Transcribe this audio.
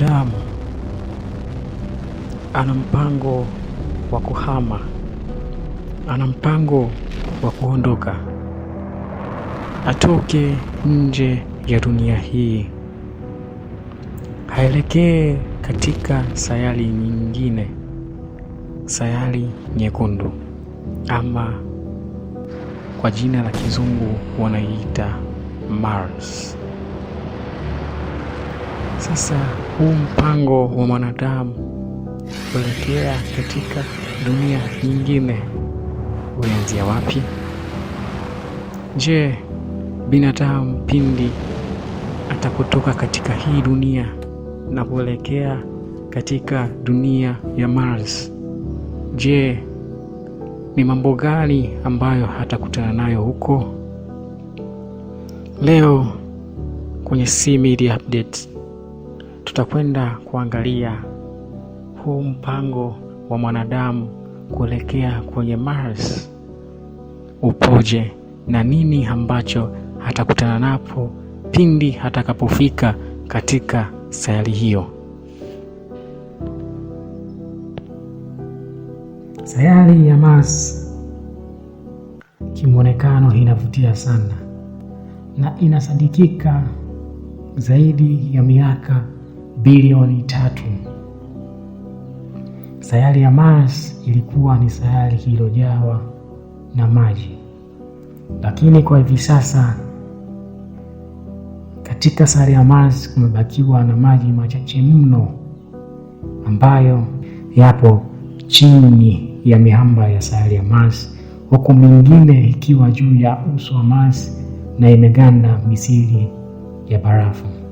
mwanadamu ana mpango wa kuhama, ana mpango wa kuondoka, atoke nje ya dunia hii, haelekee katika sayari nyingine, sayari nyekundu ama kwa jina la kizungu wanaiita Mars. Sasa huu mpango wa mwanadamu kuelekea katika dunia nyingine ulianzia wapi? Je, binadamu pindi atapotoka katika hii dunia na kuelekea katika dunia ya Mars, je, ni mambo gani ambayo atakutana nayo huko? Leo kwenye C Media Update tutakwenda kuangalia huu mpango wa mwanadamu kuelekea kwenye Mars upoje na nini ambacho atakutana napo pindi atakapofika katika sayari hiyo. Sayari ya Mars kimwonekano inavutia sana na inasadikika zaidi ya miaka bilioni tatu. Sayari ya Mars ilikuwa ni sayari iliyojawa na maji, lakini kwa hivi sasa katika sayari ya Mars kumebakiwa na maji machache mno ambayo yapo chini ya miamba ya sayari ya Mars, huku mingine ikiwa juu ya uso wa Mars na imeganda misili ya barafu.